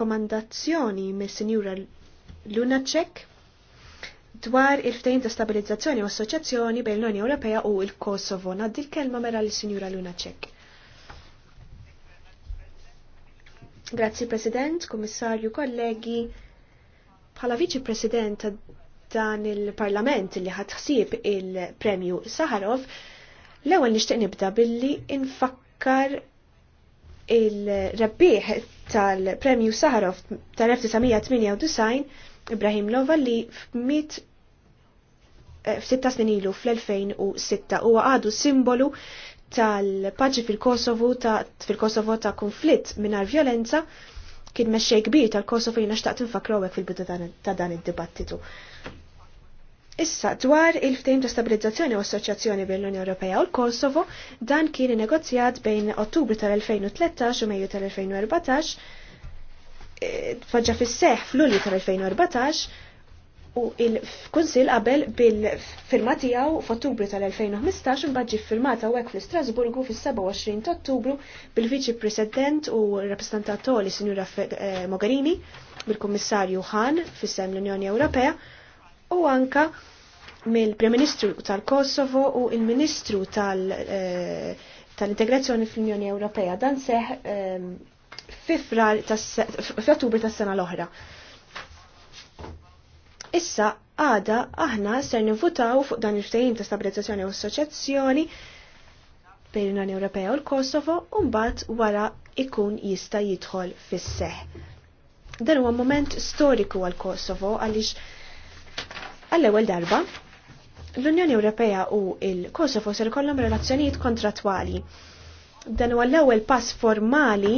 komandazzjoni mis sinjura Lunacek dwar il ftejn ta' stabilizzazzjoni u assoċjazzjoni bejn l-Unjoni Ewropea u l-Kosovo. Naddi l-kelma mera l sinjura Lunacek. Grazzi President, Kummissarju, kollegi. Bħala Viċi President dan il-Parlament li ħatħsib il-Premju Saharov, l-ewwel nixtieq nibda billi infakkar il-rebbieħ tal-Premju Saharov tal-1998 Ibrahim Lova li f'mit eh, f'sitta snin ilu fl-2006 huwa għadu simbolu tal-paġi fil-Kosovo ta' fil-Kosovo ta' konflitt mingħajr violenza kien mexxej kbir tal-Kosovo jina xtaqt infakrawek fil-bidu ta' dan id-dibattitu. Issa, dwar il ftim ta' stabilizzazzjoni u assoċjazzjoni bil-Unjoni Ewropea u l-Kosovo, dan kien negozjat bejn Ottubru tal-2013 u Mejju tal-2014, e, faġġa fis-seħ fl-Ulju tal-2014 u il-Kunsil qabel bil-firma tiegħu f'Ottubru tal-2015 imbagħad ġie firmata hekk fl-Istrasburgu fis-27 ta' Ottubru bil-Viċi President u rappresentant li Sinjura eh, Mogherini bil-Kummissarju Han fis-sem l-Unjoni Ewropea u anka mill-Prim Ministru tal-Kosovo u il-Ministru eh, tal-Integrazzjoni fl-Unjoni Ewropea dan seħ ehm, f'Ottubru tas-sena l-oħra. Issa għada aħna ser nivvutaw fuq dan il-ftehim ta' stabilizzazzjoni u assoċjazzjoni bejn l-Unjoni Ewropea u l-Kosovo u mbagħad wara ikun jista' jidħol fis-seħ. Dan huwa moment storiku għal Kosovo għaliex Għall-ewwel darba, l-Unjoni Ewropea u il-Kosovo ser kollom relazzjonijiet kontratwali. Dan huwa l-ewwel pass formali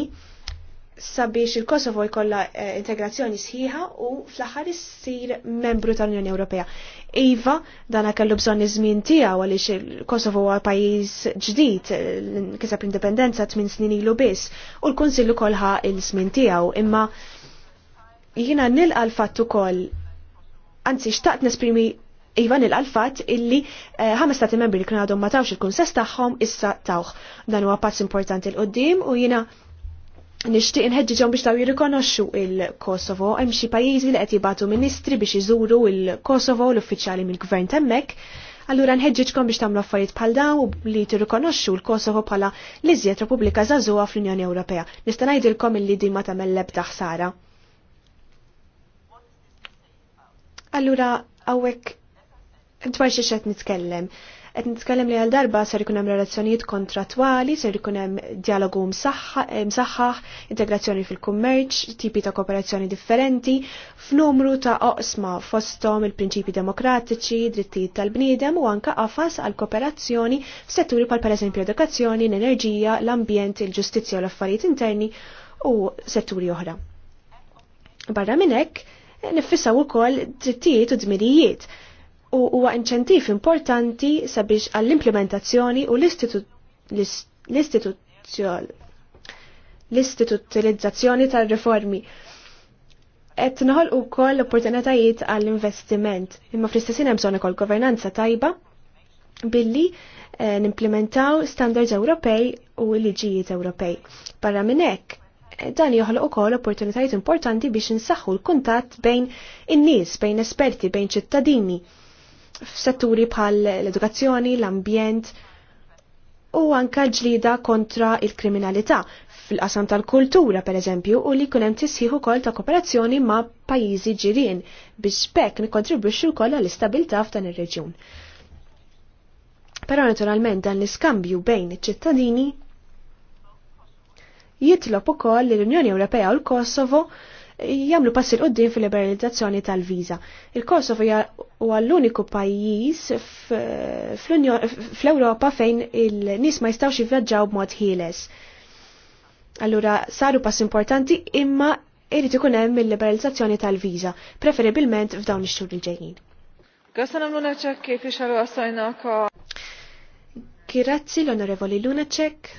sabiex il-Kosovo jkollha eh, integrazzjoni sħiħa u fl-aħħar issir membru tal-Unjoni Ewropea. Iva, dana kellu bżonn iż-żmien tiegħu għaliex il-Kosovo huwa pajjiż ġdid eh, kiseb l-indipendenza tmien snin ilu biss u l-Kunsill ukoll ħa il-żmien tiegħu imma jiena nilqa l-fatt ukoll anzi xtaqt nesprimi Ivan il-alfat illi eh, ħames stati membri li kienu għadhom ma tawx il-kunsess tagħhom issa tawx. Dan huwa pass importanti l-qoddim u jiena nixtieq inħeġġiġhom biex taw jirrikonoxxu il-Kosovo hemm xi pajjiżi li qed jibgħatu ministri biex iżuru il-Kosovo l-uffiċjali mill-gvern temmek. Allura nħeġġiġkom biex tagħmlu affarijiet bħal dawn u li tirrikonoxxu l-Kosovo bħala l-iżjed Repubblika Żagħżugħa fl-Unjoni Ewropea. Nista' ngħidilkom illi din ma tagħmel lebda ħsara. Allura, għawek, dwar xiex xed nitkellem. Għet nitkellem li għal darba ser ikunem hemm relazzjonijiet kontratwali, ser ikun hemm dialogu eh, msaħħaħ, integrazzjoni fil-kummerċ, tipi ta' kooperazzjoni differenti, f'numru ta' oqsma fosthom il-prinċipi demokratiċi, drittijiet tal-bniedem u anka għafas għal kooperazzjoni f'setturi pal eżempju edukazzjoni, l-enerġija, l-ambjent, il-ġustizzja u l-affarijiet interni u setturi oħra. Barra minn hekk, u ukoll drittijiet u dmirijiet u huwa inċentiv importanti sabiex għall-implementazzjoni u l-istituzzjoni tal-reformi. Et naħol u l opportunitajiet għall-investiment, imma fl-istessin hemm bżonn ukoll governanza tajba billi eh, nimplementaw standards Ewropej u liġijiet Ewropej. Barra minn hekk, dan joħloq ukoll opportunitajiet importanti biex insaħħu l-kuntatt bejn in-nies, bejn esperti, bejn ċittadini f'setturi bħal l-edukazzjoni, l-ambjent u anka ġlida kontra il-kriminalità fil-qasam tal-kultura per eżempju u li kunem tisħiħ ukoll ta' kooperazzjoni ma' pajjiżi ġirien biex bekk nikkontribwixxu wkoll għall-istabilità f'dan ir-reġjun. Però naturalment dan l-iskambju bejn iċ-ċittadini jitlob ukoll li l-Unjoni Ewropea u l-Kosovo jamlu pass il qoddim fil-liberalizzazzjoni tal-viza. Il-Kosovo huwa l-uniku pajjiż fl-Ewropa fejn il-nies ma jistgħux jivvjaġġaw b'mod ħieles. Allura saru pass importanti imma irid ikun hemm il-liberalizzazzjoni tal-viża, preferibilment f'dawn ix-xhur il-ġejjin. Għasanam Lunacek kif ixalu għasajna ka. Grazzi l-Onorevoli Lunacek.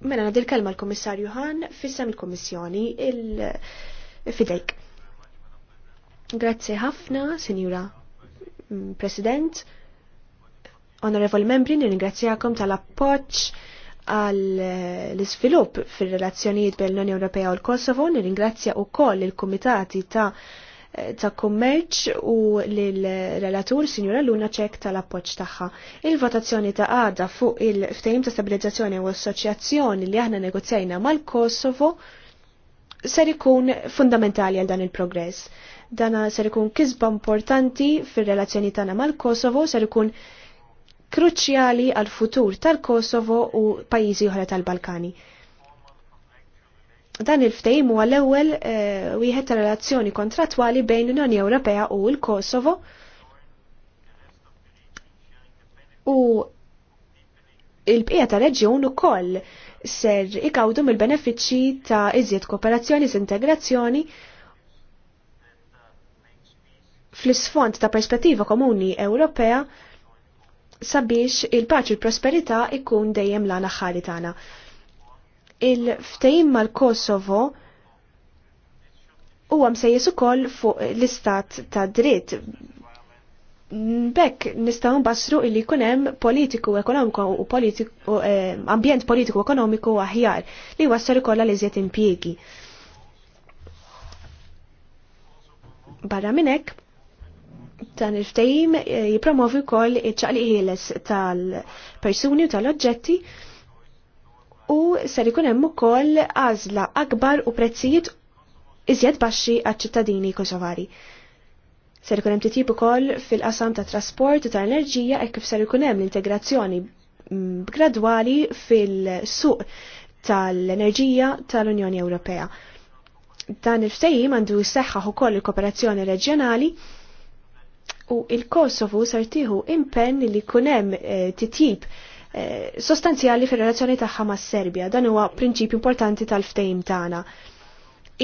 Mela il kelma l-Komissarju Han fissem il-Komissjoni il-fidejk. Grazie ħafna, Signora President, Onorevoli Membri, nirringrazzjakom tal-appoċ għall-izvilupp fil-relazzjonijiet bejn l-Unjoni Ewropea u l-Kosovo, nirringrazzja u koll il-Komitati ta' Eh, ta' kummerċ u l-relatur Sinjura Luna ċek tal-appoċ tagħha. Il-votazzjoni ta' għada fuq il ftejim ta' stabilizzazzjoni u assoċjazzjoni li aħna negozjajna mal-Kosovo ser ikun fundamentali għal dan il-progress. Dana ser ikun kisba importanti fir-relazzjoni tagħna mal-Kosovo, ser ikun kruċjali għal futur tal-Kosovo u pajjiżi oħra tal-Balkani. Dan il-ftehim huwa l-ewwel eh, wieħed ta' relazzjoni kontrattwali bejn l-Unjoni Ewropea u l-Kosovo. U il-bqija tal-reġjun ukoll ser ikawdu mill-benefiċċji ta' iżjed kooperazzjoni integrazzjoni fl-isfond ta' perspettiva komuni Ewropea sabiex il-paċi l prosperità ikun dejjem l-għana ħali tagħna il-ftejim mal-Kosovo u għam sejjes ukoll fuq l-istat ta' dritt. Bekk nistaw nbassru illi kunem politiku ekonomiku u politiku, eh, ambjent politiku ekonomiku aħjar li u koll li zjet impjiegi. Barra minnek, dan il ftajim eh, jipromovi kol iċċaqli ħieles tal-persuni u tal-oġġetti u ser ikun hemm ukoll għażla akbar u prezzijiet iżjed baxxi għaċ-ċittadini kosovari. Ser ikun hemm titjib ukoll fil-qasam ta' trasport u ta' enerġija hekk kif ser ikun hemm l-integrazzjoni mm, gradwali fil-suq tal-enerġija tal-Unjoni Ewropea. Dan il-ftehim għandu jseħħaħ ukoll il-kooperazzjoni reġjonali u il-Kosovo sartiħu impenn li jkun hemm eh, titjib Eh, sostanzjali fir-relazzjoni tagħha mas-Serbja. Dan huwa prinċipju importanti tal-ftehim tagħna.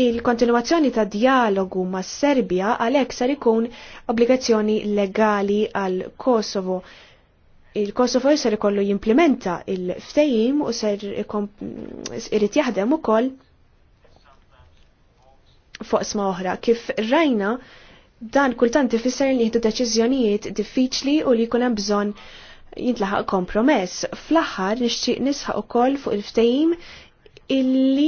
Il-kontinuazzjoni ta' dialogu mas serbja għalhekk sar ikun obbligazzjoni legali għal Kosovo. Il-Kosovo jser ikollu jimplementa il-ftehim u ser irid jaħdem ukoll fuq sma oħra. Kif rajna dan kultant ifisser li jieħdu deċiżjonijiet diffiċli u li jkun hemm bżonn jintlaħaq kompromess. Fl-aħħar nixtieq nisħaq ukoll fuq il-ftehim illi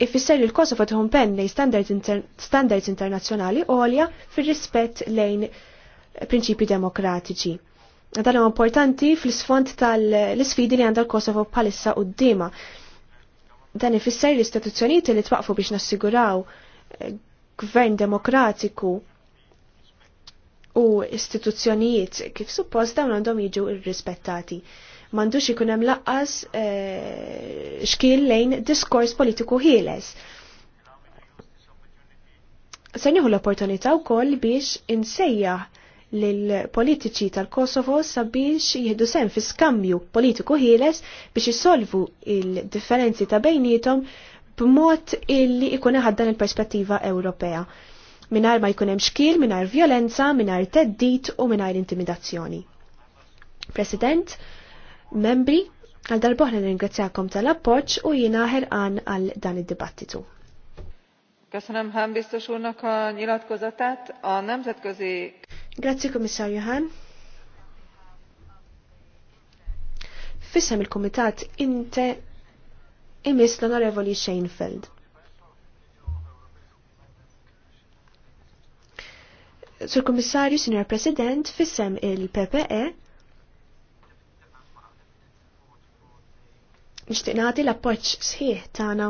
ifisser li l-Kosovo tħum penni standards, inter standards internazzjonali għolja fir-rispett lejn prinċipi demokratiċi. Dan huwa importanti fl-isfond tal-isfidi li għandha l-Kosovo bħalissa d-dima. Dan ifisser l-istituzzjonijiet li twaqfu biex nassiguraw gvern demokratiku u istituzzjonijiet kif suppost dawn għandhom jiġu irrispettati. M'għandux ikun hemm laqqas eh, xkien lejn diskors politiku ħieles. Se nieħu l-opportunità wkoll biex insejjaħ lill-politiċi tal-Kosovo sabiex jihdu sem fi skambju politiku ħieles biex jissolvu il-differenzi ta' bejnietom b'mod illi ikun ħaddan il-perspettiva Ewropea minar ma jkunem xkil, minar violenza, minar teddit u minar intimidazzjoni. President, membri, għal darbohna ringrazzjakom tal-appoċ u jina ħerqan għal dan id-dibattitu. Köszönöm Hán biztos úrnak a nyilatkozatát. A nemzetközi... Grazie, komissar Johan. Fissem il-komitat inte imis l-onorevoli Sheinfeld. Sur Komissarju, Signor President, fissem il-PPE, nishtiq nagħti l-appoġġ sħiħ tagħna.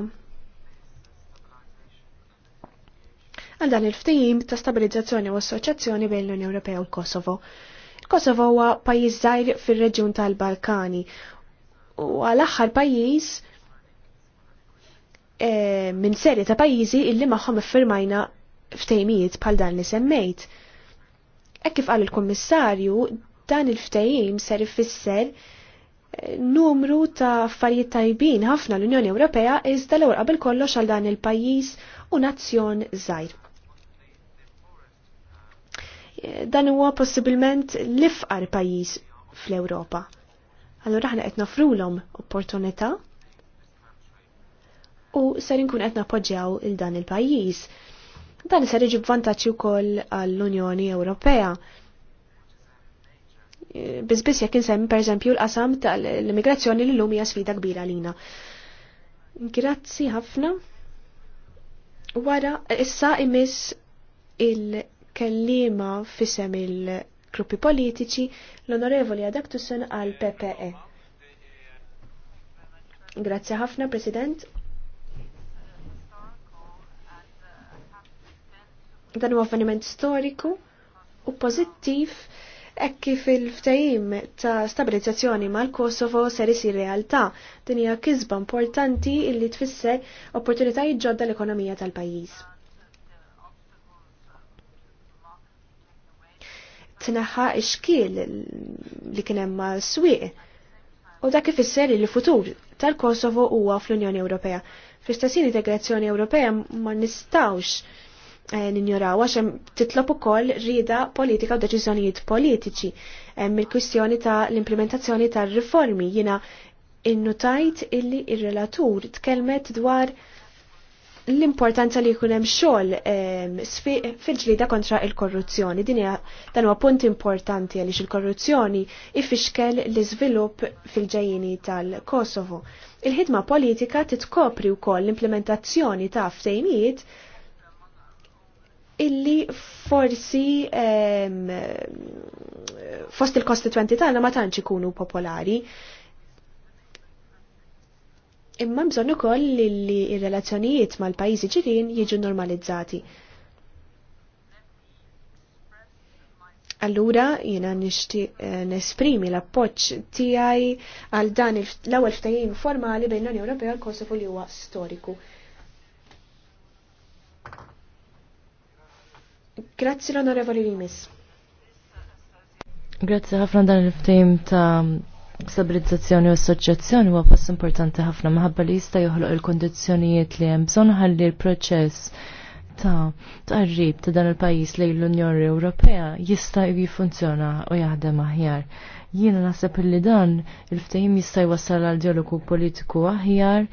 Għal dan il-ftehim ta' stabilizzazzjoni u assoċjazzjoni bejn l-Unjoni Ewropea u l-Kosovo. Il-Kosovo huwa pajjiż żgħir fir-reġjun tal-Balkani u għal aħħar pajjiż eh, minn serje ta' pajjiżi illi magħhom iffirmajna ftejmijiet bħal dan li semmejt. Ek kif qal il-Kummissarju, dan il-ftejim ser ifisser eh, numru ta' affarijiet tajbin ħafna l-Unjoni Ewropea iżda l qabel kollox għal dan il-pajjiż u nazzjon żgħir. Eh, dan huwa possibilment l-ifqar pajjiż fl-Ewropa. Allura aħna qed nofrulhom opportunità u ser inkun qed nappoġġjaw il dan il-pajjiż Dan isar iġib vantaġġi wkoll għall-Unjoni Ewropea. E, Biżbiss jekk insemmi pereżempju l-qasam tal-immigrazzjoni li lum hija sfida kbira lina. Grazzi ħafna. Wara issa imiss il-kellima fisem il-gruppi politiċi l-onorevoli Adaktusen għal PPE. Grazzi ħafna, President. Dan huwa avveniment storiku u pożittiv hekk kif il-ftajim ta' stabilizzazzjoni mal-Kosovo ser isir realtà. Din hija kisba importanti illi tfisser opportunitajiet ġodda l-ekonomija tal-pajjiż. Tneħħa xkiel li kien hemm swieq u dak ifisser li l-futur tal-Kosovo huwa fl-Unjoni Ewropea. Fl-istess integrazzjoni Ewropea ma nistawx Eh, ninjoraw għax hemm titlob ukoll rida politika u deċiżjonijiet politiċi. mil kwistjoni ta' l-implementazzjoni tar-riformi jiena innutajt illi il relatur tkellmet dwar l-importanza li jkun hemm xogħol fil-ġlida kontra il-korruzzjoni. Din hija dan huwa punt importanti għaliex il-korruzzjoni ifixkel l-iżvilupp fil-ġejjini tal-Kosovo. Il-ħidma politika titkopri wkoll l-implementazzjoni ta' ftejmijiet illi forsi fost il-kostituenti tagħna ma tantx ikunu popolari. Imma bżonn ukoll li r-relazzjonijiet mal-pajjiżi ġirien jiġu normalizzati. Allura jiena nixtieq eh, nesprimi l-appoġġ tiegħi għal dan l-ewwel ftehim formali bejn l-Unjoni Ewropea u l-Kosovo li huwa storiku. Grazzi l-Onorevoli Limis. Grazzi ħafna dan il-ftim ta' stabilizzazzjoni u assoċjazzjoni huwa pass importanti ħafna maħabba li jista' joħloq il-kondizzjonijiet li hemm bżonn ħalli l-proċess ta' tqarrib ta' dan il-pajjiż lejn l-Unjoni Ewropea jista' jiffunzjona u jaħdem aħjar. Jiena naħseb li dan il-ftehim jista' jwassal għal dialogu politiku aħjar,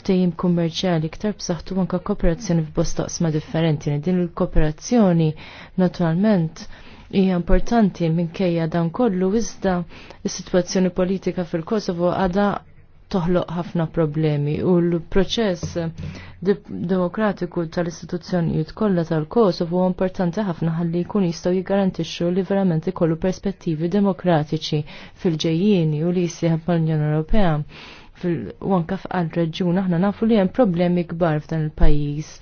ftehim kummerċjali iktar b'saħħtu anke kooperazzjoni f'bosta qsma differenti. Din il-kooperazzjoni naturalment hija importanti minkejja dan kollu iżda is-sitwazzjoni politika fil-Kosovo għadha toħloq ħafna problemi u l-proċess demokratiku tal-istituzzjonijiet kollha tal-Kosovo huwa importanti ħafna ħalli jkun jistgħu jiggarantixxu li verament ikollu perspettivi demokratiċi fil-ġejjieni u li jsieħeb mal-Unjoni Ewropea u anke f'qal reġjun aħna nafu li hemm problemi kbar f'dan il-pajjiż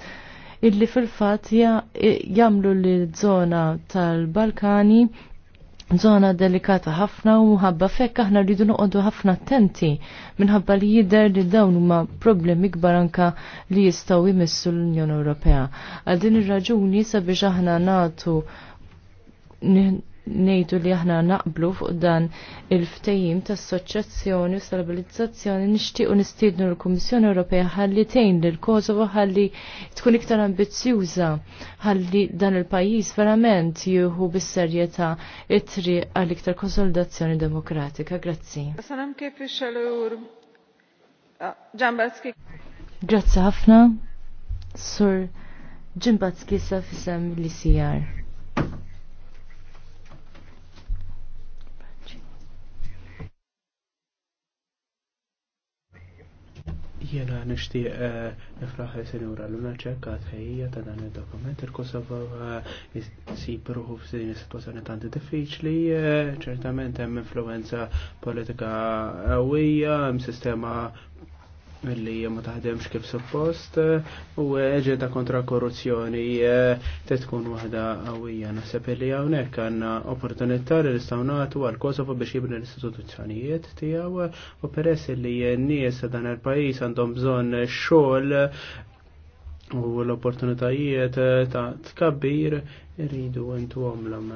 illi fil-fatt jagħmlu li żona tal-Balkani zona delikata ħafna u ħabba fekk aħna rridu noqogħdu ħafna attenti minħabba li jidher li dawn huma problemi kbar anka li jistgħu jmissu l-Unjoni Ewropea. Għal din ir-raġuni sabiex aħna nagħtu nejdu li aħna naqblu fuq dan il-ftejim ta' assoċjazzjoni u stabilizzazzjoni nixtiequ nistiednu l-Kummissjoni Ewropea ħalli tgħin l Kosovo ħalli tkun iktar ambizzjuża ħalli dan il-pajjiż verament jieħu bis-serjetà itri triq għal iktar konsolidazzjoni demokratika. Grazzi. Grazzi ħafna. Sur Ġimbatski sa' fissem li sijar. Jena nishtiq eh, nifraħ senjura l-una ċekka tħejja ta' dan il-dokument il-Kosovo eh, si ruħu f'din situazzjoni tanti diffiċli, eh, ċertament hemm influenza politika qawwija, hemm sistema mill-li ma taħdemx kif suppost u eġenda kontra korruzzjoni eh, te tkun waħda għawija naħseb illi hawnhekk għandna opportunità li nistgħu nagħtu għal Kosovo biex jibni l-istituzzjonijiet tiegħu u peress li n-nies dan il-pajjiż għandhom bżonn xogħol u l-opportunitajiet ta' tkabbir iridu għentu għomlam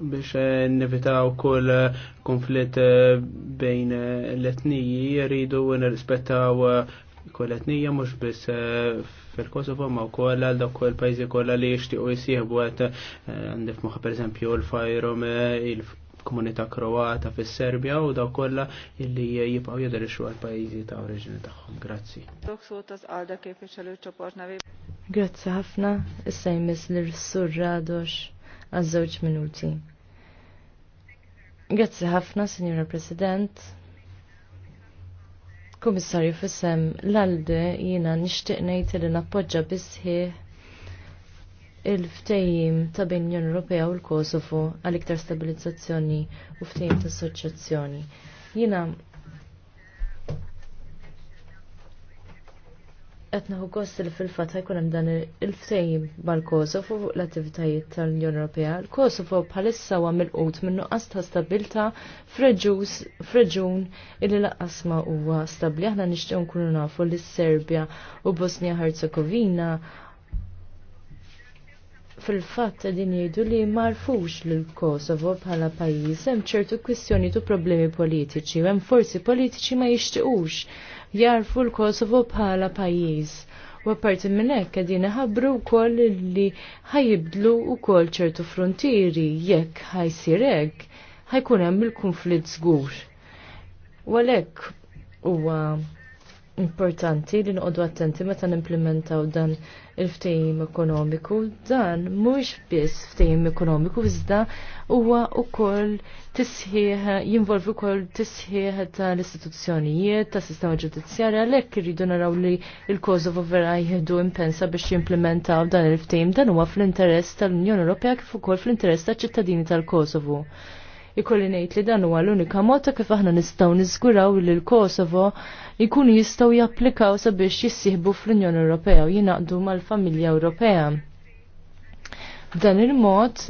biex eh, nevitaw kull eh, konflitt eh, bejn l-etniji jridu nirrispettaw kull etnija mhux biss fil-Kosovo ma wkoll għal dak kull pajjiżi kollha li jixtiequ jsieħbu qed għandif moħħ esempio l fajrum il-komunità Kroata fis-Serbja u daw kollha illi jibqgħu jidherixxu għal pajjiżi ta' oriġini tagħhom. Grazzi. Grazzi ħafna, issa jmiss l rissur Radox għaż-żewġ minuti. Grazzi ħafna, Signora President. Komissarju fissem l-alde jina nishtiq ngħid li nappoġġa bisħi il ftejim ta' bejn l-Unjoni Ewropea u l-Kosovo għal iktar stabilizzazzjoni u ftejim ta' assoċjazzjoni. Jina Qed naħu kost li fil-fatt ħajkun hemm dan il-ftehim mal-Kosovo fuq l-attivitajiet tal-Unjoni Ewropea. Il-Kosovo bħalissa huwa milqut minn nuqqas ta' stabilta f'reġun illi laqqas ma huwa stabbli. Aħna nixtieq nkunu nafu li s Serbja u Bosnia Herzegovina fil-fatt din jgħidu li marfux l kosovo bħala pajjiż hemm ċertu kwistjoni tu problemi politiċi, hemm forsi politiċi ma jixtiqux jarfu l-Kosovo bħala pajjiż. U apparti minn hekk qegħdin iħabbru wkoll li ħajibdlu wkoll ċertu frontieri jekk ħajsir hekk ħajkun hemm il-kunflitt żgur. U għalhekk huwa importanti li noqogħdu attenti meta nimplementaw dan il-ftehim ekonomiku. Dan mhux biss ftehim ekonomiku iżda huwa wkoll tisħieħ jinvolvi wkoll tisħieħ tal-istituzzjonijiet, tas-sistema ġudizzjarja għalhekk irridu naraw li l-Kosovo vera jieħdu impensa biex jimplementaw dan il-ftehim dan huwa fl-interess tal-Unjoni Ewropea kif ukoll fl-interess tal-ċittadini tal-Kosovo. tal ċittadini tal kosovu tal ċittadini tal kosovo ikolli ngħid li dan huwa l-unika mota kif aħna nistgħu niżguraw li l-Kosovo jkunu jistgħu japplikaw sabiex jissieħbu fl-Unjoni Ewropea u jingħaqdu mal-familja Ewropea. B'dan il-mod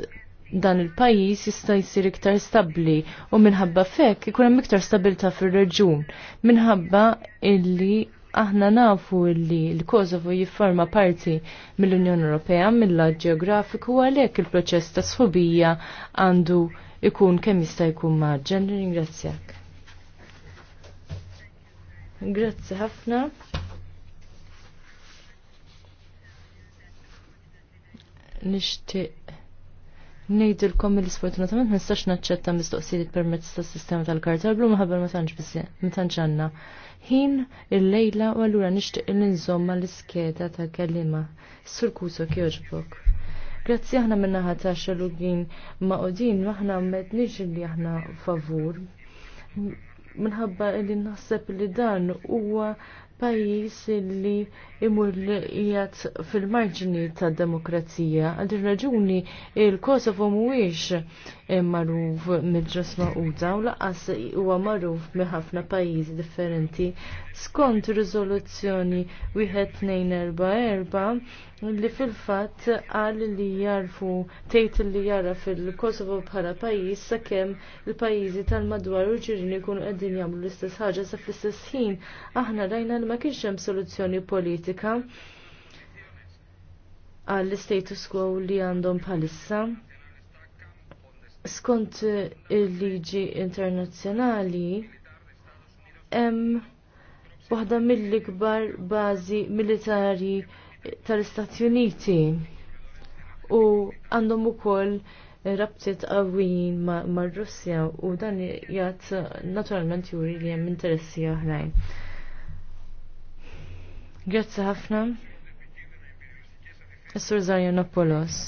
dan il-pajis jista' jsir iktar stabbli u minħabba fekk ikun hemm iktar stabilta fir-reġun minħabba illi aħna nafu li l-Kosovo jifforma parti mill-Unjoni Ewropea mill-lat ġeografiku għalhekk il-proċess ta' sħubija għandu ikun kemm jista' jkun maġġel. Ringrazzjak. Grazzi ħafna. Nixtieq Nejdilkom li sfortunatament ma nistax naċċetta mistoqsijiet permezz tas-sistema tal-karta blu maħabber ma tantx biss ma tantx għandna. Ħin il-lejla u allura nixtieq li nżomma l-iskeda ta' kelliema. Sur kjoġbok. joġbok. Grazzi aħna minna ħata xalugin ma' odin, maħna mednix li aħna favur. Minħabba li naħseb li dan huwa pajis li imur li jgħat fil-marġini ta' demokrazija. Għadir raġuni il-Kosovo muwix Eh, maruf mill-ġus u laqas huwa magħruf minn ħafna pajjiżi differenti. Skont riżoluzzjoni wieħed erba' li fil-fatt qal li jarfu tgħid li jara fil-Kosovo bħala pajjiż sakemm il-pajjiżi tal-madwar u ġirin ikunu qegħdin jagħmlu l-istess ħaġa sa fl-istess ħin aħna rajna li ma kienx hemm soluzzjoni politika għall-status quo li għandhom bħalissa skont eh, il-liġi internazzjonali hemm waħda mill-ikbar bażi militari eh, tal-Istati Uniti u għandhom ukoll eh, rabtiet qawwijin mar-Russja u dan jgħat naturalment juri li hemm interessi oħrajn. Grazzi ħafna. Is-Sur Zarjan Napolos.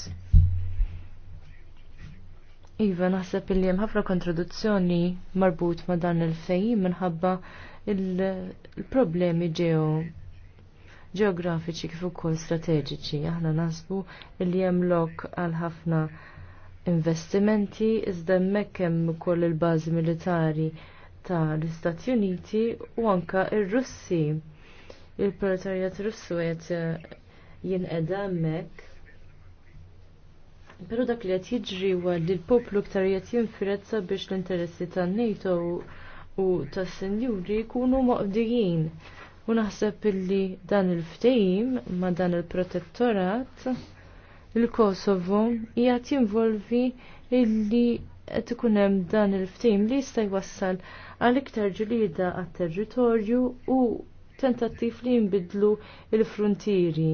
Iva, naħseb li hemm ħafna kontraduzzjoni marbut ma' dan il fej minħabba il-problemi ġew ġeografiċi kif ukoll strateġiċi. Aħna nasbu li hemm lok għal ħafna investimenti iżda hemmhekk hemm ukoll il-bażi militari tal istati Uniti u anka ir-Russi. il proletarjat Russu qed jinqeda hemmhekk Pero dak li qed jiġri li l-poplu ktar qed jinfirezza biex l-interessi tan-NATO u tas-senjuri jkunu moqdijin. U naħseb illi dan il ftejim ma dan il-protettorat il-Kosovo hija jinvolvi illi qed ikun hemm dan il ftejim li jista' jwassal għal iktar ġlieda għat-territorju u tentattiv li jinbidlu il-frontieri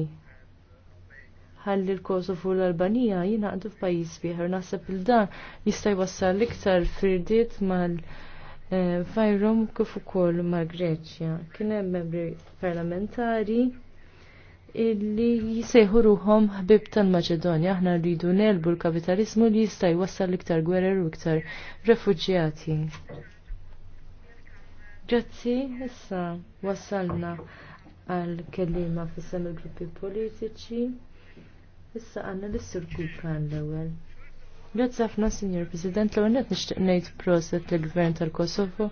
ħalli l-Kosovo u l-Albanija jinaqdu f'pajjiż bieħor. Naħseb il dan jista' jwassal l-iktar firdiet mal- eh, Fajrom kif ukoll mal Greċja. Kien hemm membri parlamentari illi jisejħu ruhom ħbib tal-Maċedonja. Aħna rridu nelbu l-kapitalizmu li jista' jwassal l iktar gwerer u iktar refuġjati. Grazzi, issa wassalna għal kelliema fis-sem gruppi politiċi. Issa għanna l-sur Kukran l-ewel. Grazzi ħafna, Signor President, l-ewel net nishtiq ngħid proset l-Gvern tal-Kosovo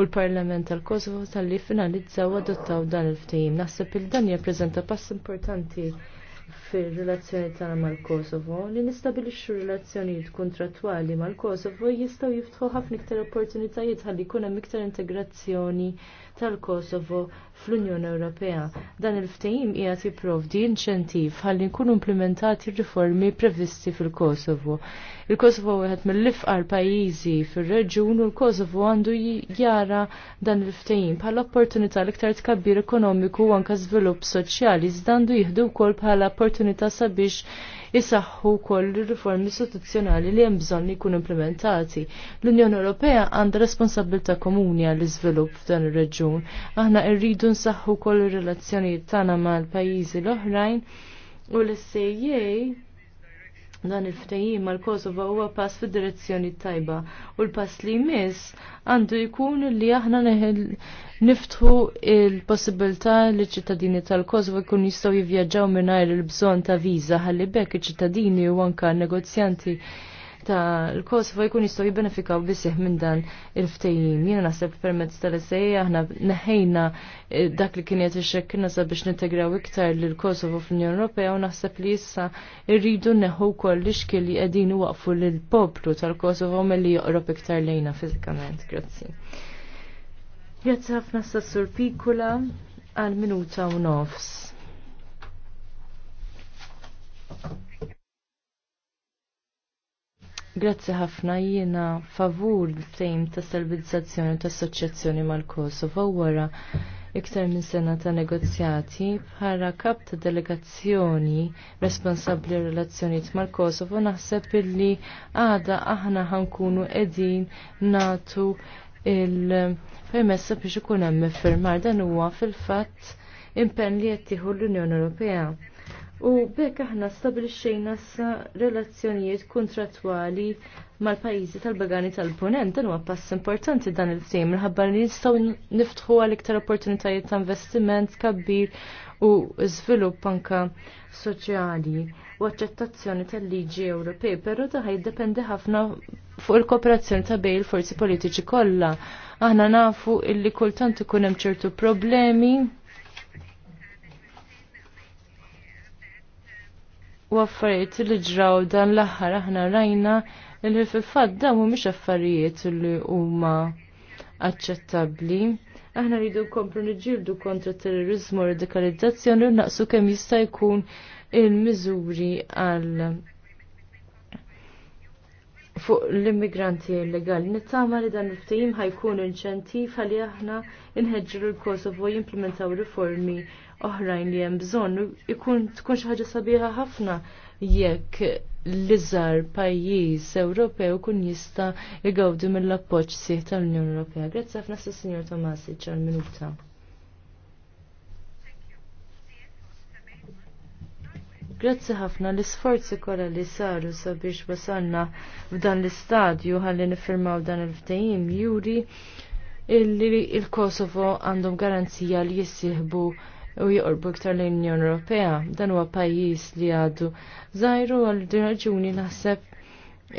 u l-Parlament tal-Kosovo tal-li u adottaw dan il-ftehim. Naħseb il dan jappreżenta pass importanti fir-relazzjoni tagħna mal-Kosovo li nistabilixxu relazzjonijiet kontrattwali mal-Kosovo jistgħu jiftħu ħafna iktar opportunitajiet ħalli jkun hemm iktar integrazzjoni tal-Kosovo fl-Unjoni Ewropea. Dan il-ftehim qiegħed jipprovdi inċentiv ħalli nkunu implementati riformi previsti fil-Kosovo. Il-Kosovo wieħed mill-ifqar pajjiżi fir-reġjun u l-Kosovo għandu jara dan il-ftehim bħala opportunità l-iktar tkabbir ekonomiku u anke żvilupp soċjali iżda għandu jieħdu wkoll bħala opportunità sabiex jisaħħu wkoll ir-riformi istituzzjonali li hemm bżonn jkunu implementati. L-Unjoni Ewropea għandha responsabilità komuni għall iżvilupp f'dan ir-reġjun. Aħna rridu nsaħħu wkoll ir-relazzjonijiet tagħna mal-pajjiżi l-oħrajn u l-SCA Dan il-ftehim mal-Kosovo huwa pass fid-direzzjoni tajba u l-pass li jmiss għandu jkun li aħna niftħu il-possibilità li ċittadini tal-Kosovo jkun jistgħu jivvjaġġaw mingħajr il-bżonn ta' viża ħalli bekk iċ-ċittadini u anke negozjanti ta' l-Kosovo jkun jistgħu jibbenefikaw bisih minn dan il-ftehim. Jiena naħseb permezz tal-SEA e, aħna neħejna eh, dak li kien qed ixxekkilna sabiex nintegraw iktar lil Kosovo fl-Unjoni Ewropea u naħseb li issa rridu neħu wkoll l-ixkil li qegħdin waqfu lill poplu tal-Kosovo milli joqrob iktar lejna fiżikament. Grazzi. Grazzi ħafna Sassur Pikula għal minuta u nofs. Grazzi ħafna jiena favur fejm ta' stabilizzazzjoni ta' assoċjazzjoni mal-Kosovo wara iktar minn sena ta' negozjati bħala kap ta' delegazzjoni responsabbli relazzjonijiet mal-Kosovo naħseb illi għada aħna ħankunu edin natu il-permessa biex ikun hemm firmar dan huwa fil-fatt impenn li qed l-Unjoni Ewropea. U bekk aħna stabilixxejna sa relazzjonijiet kontrattwali mal-pajjiżi tal-Bagani tal-Punent dan huwa pass importanti dan il-ftehim minħabba li nistgħu niftħu għal iktar opportunitajiet ta' investiment kabbir u żvilupp anka soċjali u aċċettazzjoni tal-liġi Ewropej, però ta' jiddependi ħafna fuq il-kooperazzjoni ta' bejn il-forzi politiċi kollha. Aħna nafu illi kultant ikun hemm ċertu problemi u affarijiet li ġraw dan l-aħħar aħna rajna li fil-fatt dawn mhumiex affarijiet li huma aċċettabbli. Aħna rridu nkomplu niġġieldu kontra terrorizmu u radikalizzazzjoni u naqsu kemm jista' jkun il-miżuri għal fuq l-immigranti illegali. Nittama li dan il-ftehim ħajkun inċentiv għalli aħna inħeġġru l-Kosovo jimplementaw riformi oħrajn li hemm bżonn ikun tkun xi ħaġa sabiħa ħafna jekk l-iżgħar pajjiż Ewropew kun jista' jgawdi mill-appoġġ sieħ tal-Unjoni Ewropea. Grazzi ħafna sa Sinjor Tomasi ċar minuta Grazzi ħafna l-isforzi kollha li saru sabiex wasalna f'dan l-istadju ħalli nifirmaw dan il-ftehim juri il-Kosovo għandhom garanzija li jissieħbu u jorbu iktar l-Unjoni Ewropea. Dan huwa pajjiż li għadu żgħiru għal din raġuni naħseb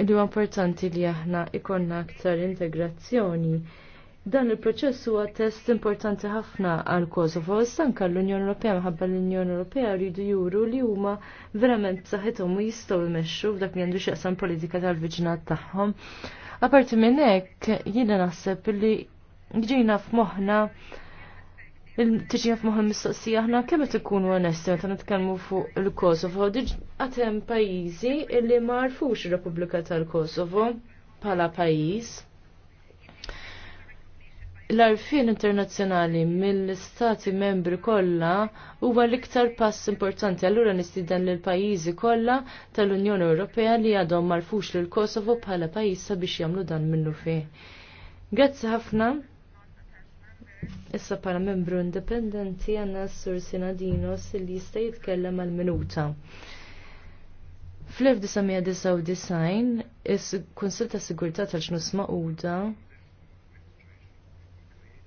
li huwa importanti li aħna ikonna aktar integrazzjoni. Dan il-proċess huwa test importanti ħafna għal Kosovo, issa anke l-Unjoni Ewropea minħabba l-Unjoni Ewropea rridu juru li huma verament saħithom u jistgħu jmexxu f'dak li għandu x'jaqsam politika tal-viġinat tagħhom. Aparti minn hekk jiena naħseb li ġejna f'moħħna Tiġi għaf muħem mistoqsija ħna kemm qed ikunu onesti meta nitkellmu fuq il-Kosovo, għad għatem pajjiżi li ma rfux il repubblika tal-Kosovo bħala pajjiż. L-arfin internazzjonali mill-istati membri kollha huwa l-iktar pass importanti allura nistieden lil pajjiżi kollha tal-Unjoni Ewropea li għadhom marfux lil Kosovo bħala pajjiż sabiex jagħmlu dan minnu fih. Grazzi ħafna. Issa para membru indipendenti għanna s-sur Sinadinos li jista' jitkellem għal minuta. Fl-1999, is konsil ta' Sigurtà tal-ġnus Mauda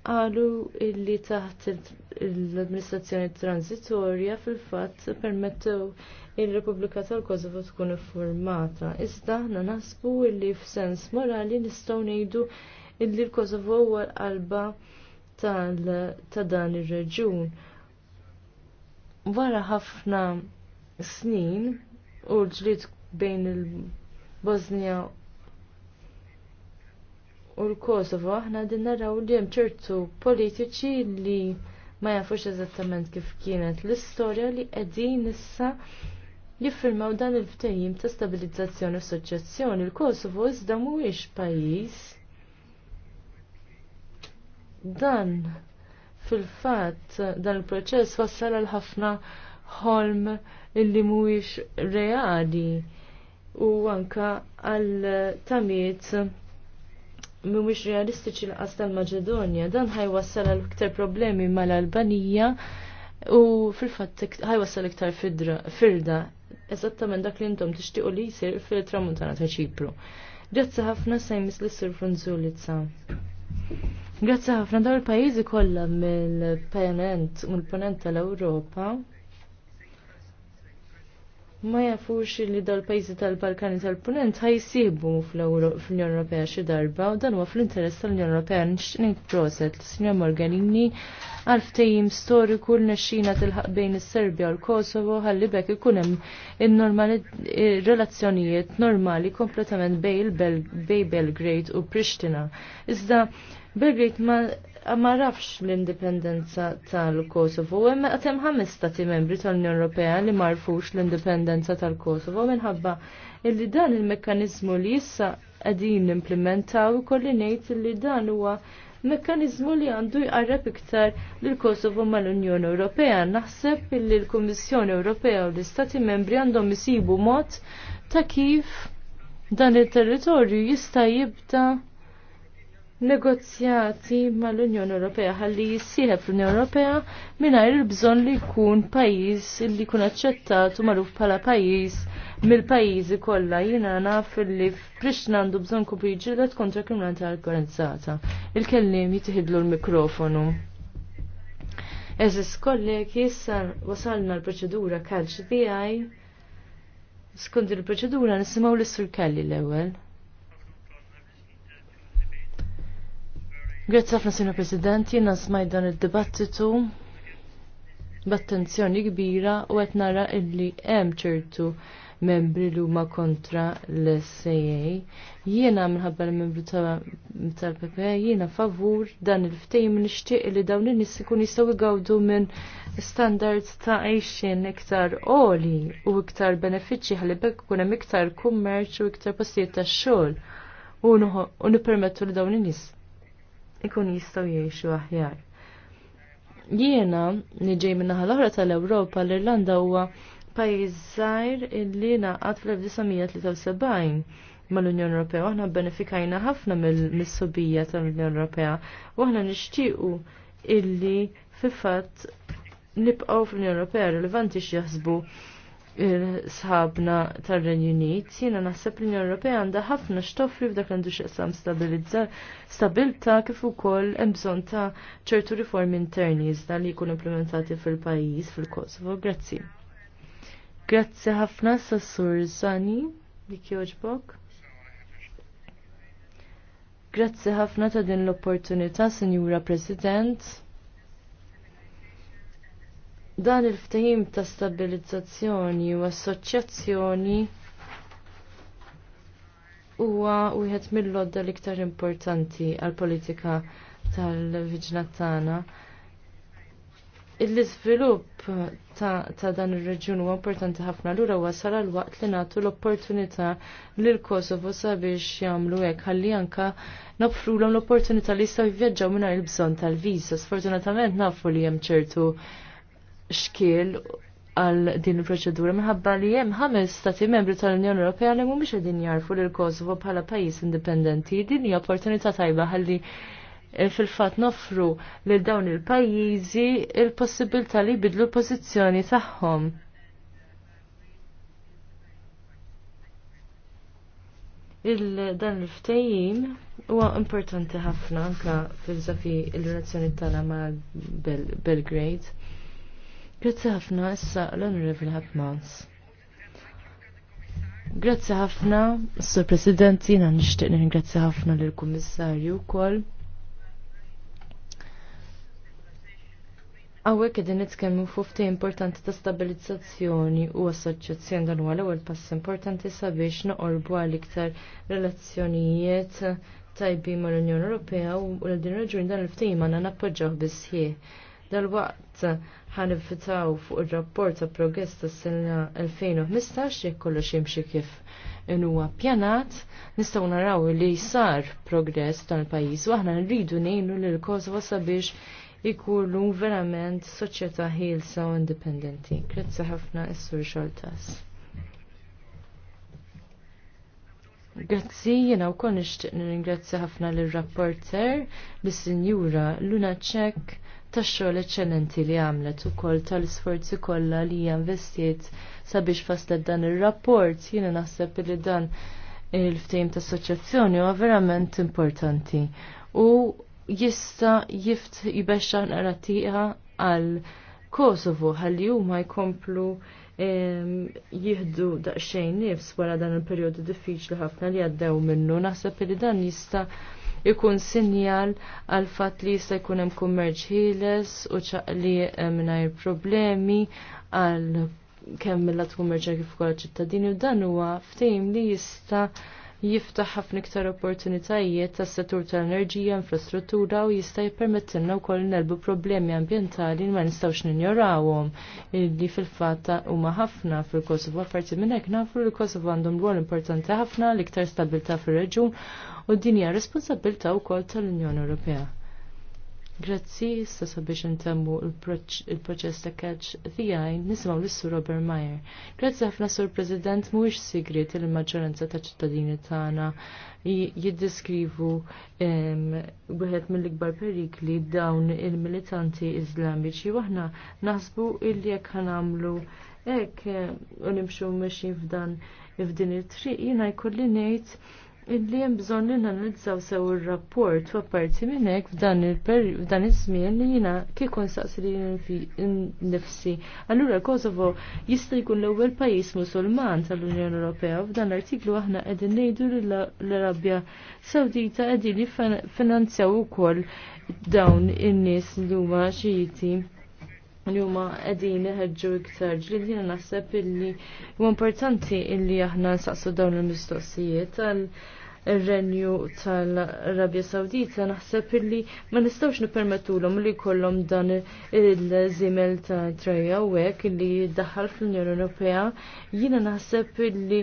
qalu illi taħt l administrazzjoni transitorja fil-fatt permettew il-Repubblika tal-Kosovo tkun iffurmata. Iżda aħna nasbu illi f'sens morali nistgħu ngħidu illi l-Kosovo huwa l ta' dan ir-reġun. Wara ħafna snin u l-ġlid bejn il-Bosnia u l-Kosovo, aħna din naraw li hemm ċertu politiċi li ma jafux eżattament kif kienet l-istorja li qegħdin issa jiffirmaw dan il-ftehim ta' stabilizzazzjoni u soċjazzjoni. Il-Kosovo iżda mhuwiex pajjiż Dan fil-fatt dan il-proċess wassal għal ħafna ħolm illi mhuwiex reali u anka għal tamiet mhuwiex realistiċi lanqas qas tal-Maġedonja. Dan ħajwassal għal iktar problemi mal-Albanija u fil-fatt ħajwassal iktar firda eżattament dak li intom tixtiequ li jsir fil-tramuntana ta' Ċipru. Grazzi ħafna sejmis l-Sir Frunzulizza. Grazzi ħafna dawn il-pajjiżi kollha mill-penent u l-ponent tal-Ewropa ma jafux li dal pajjiżi tal-Balkani tal-Punent ħajsibu fl-Unjoni Europea, xi darba u dan huwa fl-interess tal-Unjoni Ewropea nixtieq proset sinjor Morganini għal ftehim storiku l nexxina tilħaq bejn is-Serbja u l-Kosovo ħalli bekk ikun hemm relazzjonijiet normali kompletament bejn Belgrade u Pristina. Iżda Birgit ma ma rafx l-indipendenza tal-Kosovo, u hemm għatem ħames stati membri tal-Unjoni Ewropea li marfux l-indipendenza tal-Kosovo minħabba illi dan il-mekkanizmu li issa qegħdin implementaw ukoll ngħid li dan huwa mekkanizmu li għandu jqarreb iktar l-Kosovo mal-Unjoni Ewropea. Naħseb li l-Kummissjoni Ewropea u l-Istati membri għandhom isibu mod ta' kif dan il-territorju jista' jibda' negozjati mal-Unjoni Ewropea ħalli jissieħeb fl-Unjoni Ewropea mingħajr il-bżonn li jkun pajjiż li jkun aċċettat u magħruf bħala pajjiż mill-pajjiżi kollha jiena naf li f'Prixna għandu bżonn kopri ġilet kontra kriminalità organizzata. Il-kellim jitħidlu l-mikrofonu. Eżis kollegi, issa wasalna l-proċedura kalċ tiegħi. Skont il-proċedura nisimgħu l-Sur Kelli l-ewwel. Grazie ħafna Sinu President, jiena smaj dan id-dibattitu b'attenzjoni kbira u qed nara illi hemm ċertu membri li huma kontra l-SAA. Jiena minħabba l-membru tal-PP jiena favur dan il ftehim nixtieq li dawn in-nies ikun jistgħu jgawdu minn standards ta' għejxin iktar oli u iktar benefiċċji ħalli bekk ikun hemm iktar kummerċ u iktar postijiet tax-xogħol u nippermettu li dawn in-nies ikun jistgħu jgħixu aħjar. Jiena li ġej ħal naħa l-oħra tal-Ewropa l-Irlanda huwa pajjiż żgħir illi naqat fl-1973 mal-Unjoni Ewropea u aħna benefikajna ħafna mill missobija tal-Unjoni Ewropea u aħna nixtiequ illi fil-fatt nibqgħu fl-Unjoni Ewropea rilevanti x'jaħsbu sħabna tar-Renju Unit, jiena naħseb l-Unjoni Ewropea għandha ħafna xtoffri f'dak l-għandu x'qsam stabilta kif ukoll hemm bżonn ta' ċertu riformi interni iżda li jkunu implementati fil-pajjiż fil-Kosovo. Grazzi. Grazzi ħafna sassur Zani li kjoġbok. Grazzi ħafna ta' din l-opportunità, Sinjura President. Dan il-ftehim ta' stabilizzazzjoni u assoċjazzjoni huwa wieħed mill-lodda l-iktar importanti għal-politika tal-viġnat tagħna. Il-iżvilupp ta', ta dan ir-reġjun huwa importanti ħafna lura wasal għal waqt li nagħtu l-opportunità lil Kosovo sabiex jagħmlu hekk ħalli anka nofrulhom l-opportunità li jistgħu jivvjaġġaw mingħajr il-bżonn tal-viża. Sfortunatament nafu li hemm ċertu xkiel għal din il-proċedura minħabba li hemm ħames stati membri tal-Unjoni Ewropea li mhumiex qegħdin jarfu lil Kosovo bħala pajjiż indipendenti. Din hija opportunità tajba ħalli eh, fil-fatt nofru lil dawn il-pajjiżi il-possibilità li jbidlu l-pożizzjoni tagħhom. il-dan il-ftejjim huwa importanti ħafna anka fil-żafi il-relazzjoni tagħna ma' Belgrade. Grazzi ħafna issa l-Onorevoli Hapmans. Grazzi ħafna, Sur President, jina nishtiq ringrazzi ħafna l-Kummissarju wkoll. Għawek qegħdin nitkellmu fufti importanti ta' stabilizzazzjoni u assoċjazzjoni dan huwa l-ewwel pass importanti sabiex noqorbu għal iktar relazzjonijiet tajbi mal unjoni Ewropea u l-din raġuni dan il-ftehim għandna nappoġġaw bisħieħ. Dal-waqt ħanifitaw fuq ir-rapport ta' progress tas sena 2015 jekk kollox jimxi kif huwa pjanat, nistgħu naraw li sar progress tal-pajjiż u aħna nridu ngħinu lil Kosovo sabiex ikunu verament soċjetà ħielsa u indipendenti. Grazzi ħafna is-Sur Xoltas. Grazzi, jena u kon nishtiq nirringrazzi ħafna l-rapporter, l-Sinjura Luna Ċek, tax-xogħol eċċellenti li għamlet ukoll tal-isforzi kollha li hija investiet sabiex faslet dan ir-rapport. Jiena naħseb li dan il-ftehim ta' assoċjazzjoni huwa verament importanti u jista' jift jibexxa naratiqa għal Kosovo ħalli huma jkomplu jihdu daqsxejn nifs wara dan il-perjodu diffiċli ħafna li għaddew minnu. Naħseb li dan jista' ikun sinjal għal fatt li jista' jkun hemm kummerġ ħieles u ċaqli eh, mingħajr problemi għal kemm mill għat kummerġ kif ukoll ċittadini u dan huwa ftehim li jista' jiftaħ ħafna iktar opportunitajiet tas-settur tal-enerġija, infrastruttura u jista' jippermettilna wkoll nelbu problemi ambjentali li ma nistgħux ninjorawhom li fil-fatt huma ħafna fil-Kosovo. Apparti minn hekk nafu li l-Kosovo għandhom rwol importanti ħafna l-iktar stabilità fir-reġjun u din hija responsabilità wkoll tal-Unjoni Ewropea. Grazzi, issa sabiex intemmu il-proċess ta' kaċ tijaj, nisimaw l-Sur Robert Meyer. Grazzi ħafna Sur President, ix sigrit il-maġġoranza ta' ċittadini tagħna jiddiskrivu wieħed mill-ikbar perikli dawn il-militanti iżlamiċi waħna naħsbu illi jekk ħanamlu hekk u nimxu mexjin f'dan f'din it-triq jiena jkolli ngħid illi jem bżonn li nanalizzaw sew ir-rapport fa' parti minn hekk f'dan il-f'dan iż-żmien li jiena kieku nsaqsi li nnifsi. Allura Kosovo jista' jkun l-ewwel pajjiż Musulman tal-Unjoni Ewropea f'dan l-artiklu aħna qegħdin ngħidu li l-Arabja Sawdita qegħdin jiffinanzjaw ukoll dawn in-nies li huma xiti li huma qegħdin iħeġġu iktar ġlid naħseb illi huwa importanti illi aħna nsaqsu dawn il-mistoqsijiet għal ir-renju tal-Arabja Sawdita naħseb illi ma nistgħux nippermettulhom li jkollhom dan il zimel ta' treja u hekk illi jiddaħħal fl-Unjoni Ewropea. Jiena naħseb illi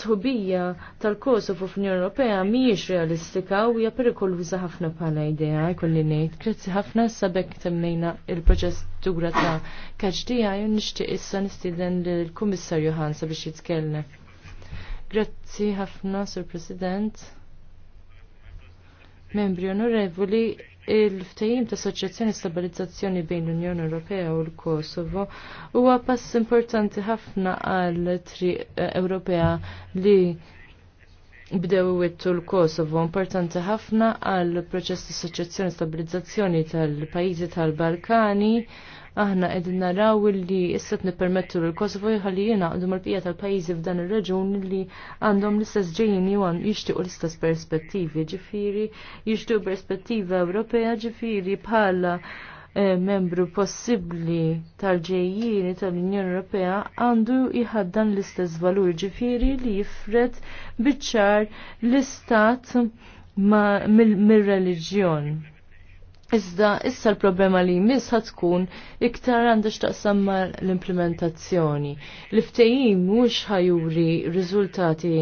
sħubija tal-Kosovo fl-Unjoni Ewropea mhijiex realistika u hija perikoluża ħafna bħala idea kolli ngħid. Grazzi ħafna sabek temmejna il-proċess ta' kaċdija u nixtieq issa nistiden lill-Kummissarju Hansa biex jitkellem. Grazzi ħafna, Sur President. Membri onorevoli, il ftajim ta' soċjazzjoni stabilizzazzjoni bejn l-Unjoni Ewropea u l-Kosovo huwa pass importanti ħafna għal tri Ewropea li bdew wittu l-Kosovo importanti ħafna għal proċess ta' soċjazzjoni stabilizzazzjoni tal-pajjiżi tal-Balkani aħna qegħdin naraw li issa nippermettu l Kosovo jħalli għandu mal-bqija tal-pajjiżi f'dan ir-reġun li għandhom l-istess ġejjin jew jixtiequ l-istess perspettivi, ġifieri jixtiequ perspettiva Ewropea ġifieri bħala eh, membru possibbli tal ġejjini tal-Unjoni Ewropea għandu jħaddan l-istess valur ġifiri li jifred biċċar l-istat mir-reliġjon. Iżda, issa l-problema li jmiss tkun iktar għandax taqsam l-implementazzjoni. L-ftejim mux ħajuri riżultati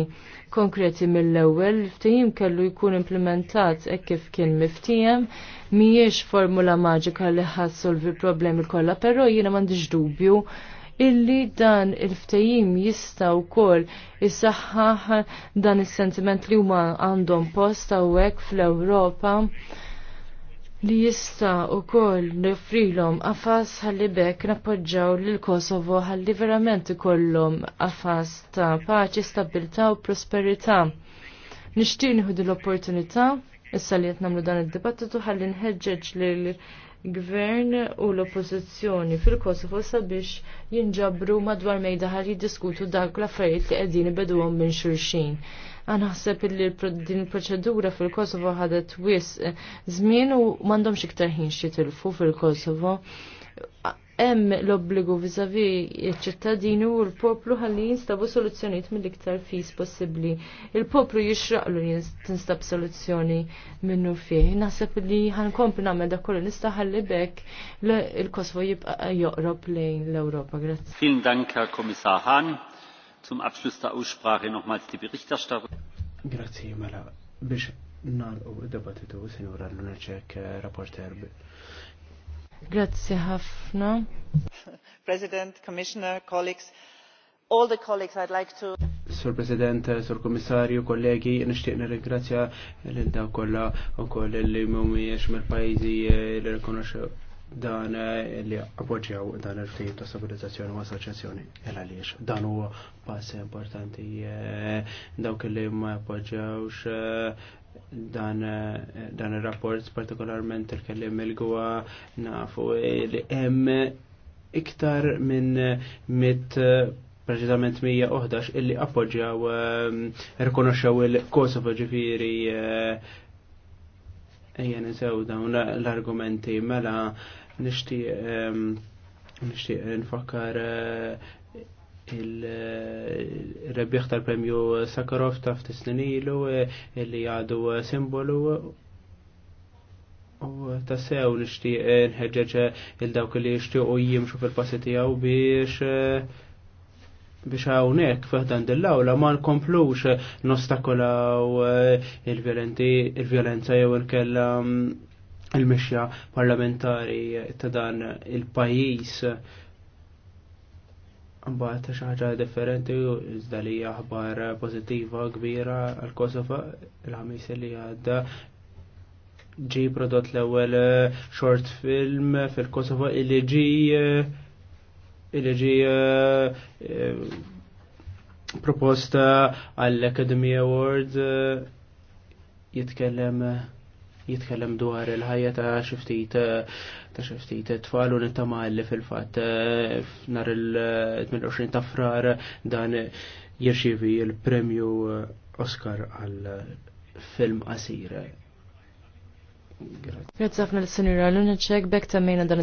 konkreti mill-ewwel, ftehim kellu jkun implementat hekk kif kien miftijem, mhijiex formula maġika li ħassolvi problemi kollha, però jiena m'għandix dubju illi dan il-ftehim jista' wkoll kol dan is-sentiment li huma għandhom post hawnhekk fl-Ewropa li jista u koll nifrilom għafas ħalli bek nappoġġaw l-Kosovo ħalli verament kollom għafas ta' paċi, stabilta u prosperita. Nishtiq nħudu l-opportunità, issa li jtnamlu dan il-dibattitu ħalli nħedġeġ l-gvern u l-oppozizjoni fil-Kosovo sabiex jinġabru madwar mejda għalli diskutu dak l-affarijiet li qegħdin għom minn xulxin. Għanaħseb li din proċedura fil-Kosovo ħadet wis żmien eh, u m'għandhomx iktar ħin xitilfu fil-Kosovo. Hemm l-obbligu vizavi ċ-ċittadini u l-poplu ħalli jinstabu soluzzjonijiet mill-iktar fis possibbli. Il-poplu jixraqlu li tinstab soluzzjoni minnu fih. Naħseb li ħankompli nagħmel dak kollu nista' ħalli bekk il-Kosovo jibqa' joqrob lejn l-Ewropa. Grazzi. Fin Dank, komisar Kommissar Hahn. Zum Abschluss der Aussprache nochmals die Berichterstattung. Grazie, Mela. Biex nal u debattitu sinura Lunacek, lunaċek eh, rapporter. Grazie Hafna. President, Commissioner, colleagues, all the colleagues I'd like to Sur President, Sur Komissarju, kollegi, nishtiq nirringrazzja l-indaw kolla u koll li mumiex mill-pajzi eh, l rikonoxew dan eh, li appoġġjaw dan il ftit ta' stabilizzazzjoni u assoċjazzjoni il għaliex. Dan huwa pass importanti eh, dawk li ma appoġġjawx eh, dan, dan il-rapport partikolarment il-kellim il-gwa nafu li hemm iktar minn mit preċizament 111 illi appoġġjaw rikonoxxew il-Kosovo ġifieri ejja nisew dawn l-argumenti mela nixtieq ehm, nixtieq nfakkar eh, il-rebbieħ tal-premju Sakharov ta' ftit ilu eh, li għadu simbolu U tassew nixtieq nħeġġeġ il-dawk li jixtiequ jimxu fil-passi tiegħu biex eh, biex hawnhekk fħedan dil-awla ma nkomplux nostakolaw eh, il-violenti il-violenza jew il-kella mm, il-mixja parlamentari ta' dan il-pajjiż Mbagħad ta' xi ħaġa differenti iżda li aħbar pożittiva kbira għal Kosova il-ħamis li għadda ġi prodott l-ewwel eh, short film fil kosova il ġi eh, il-ġi eh, eh, proposta għall-Academy Award eh, jitkellem jitkellem dwar il-ħajja ta' xiftit ta' xiftit tfal u fil-fatt nar il-28 ta' frar dan jirxivi il-premju Oscar għal film qasir. Grazie ħafna l-Sinjura Luna ċek bek tammejna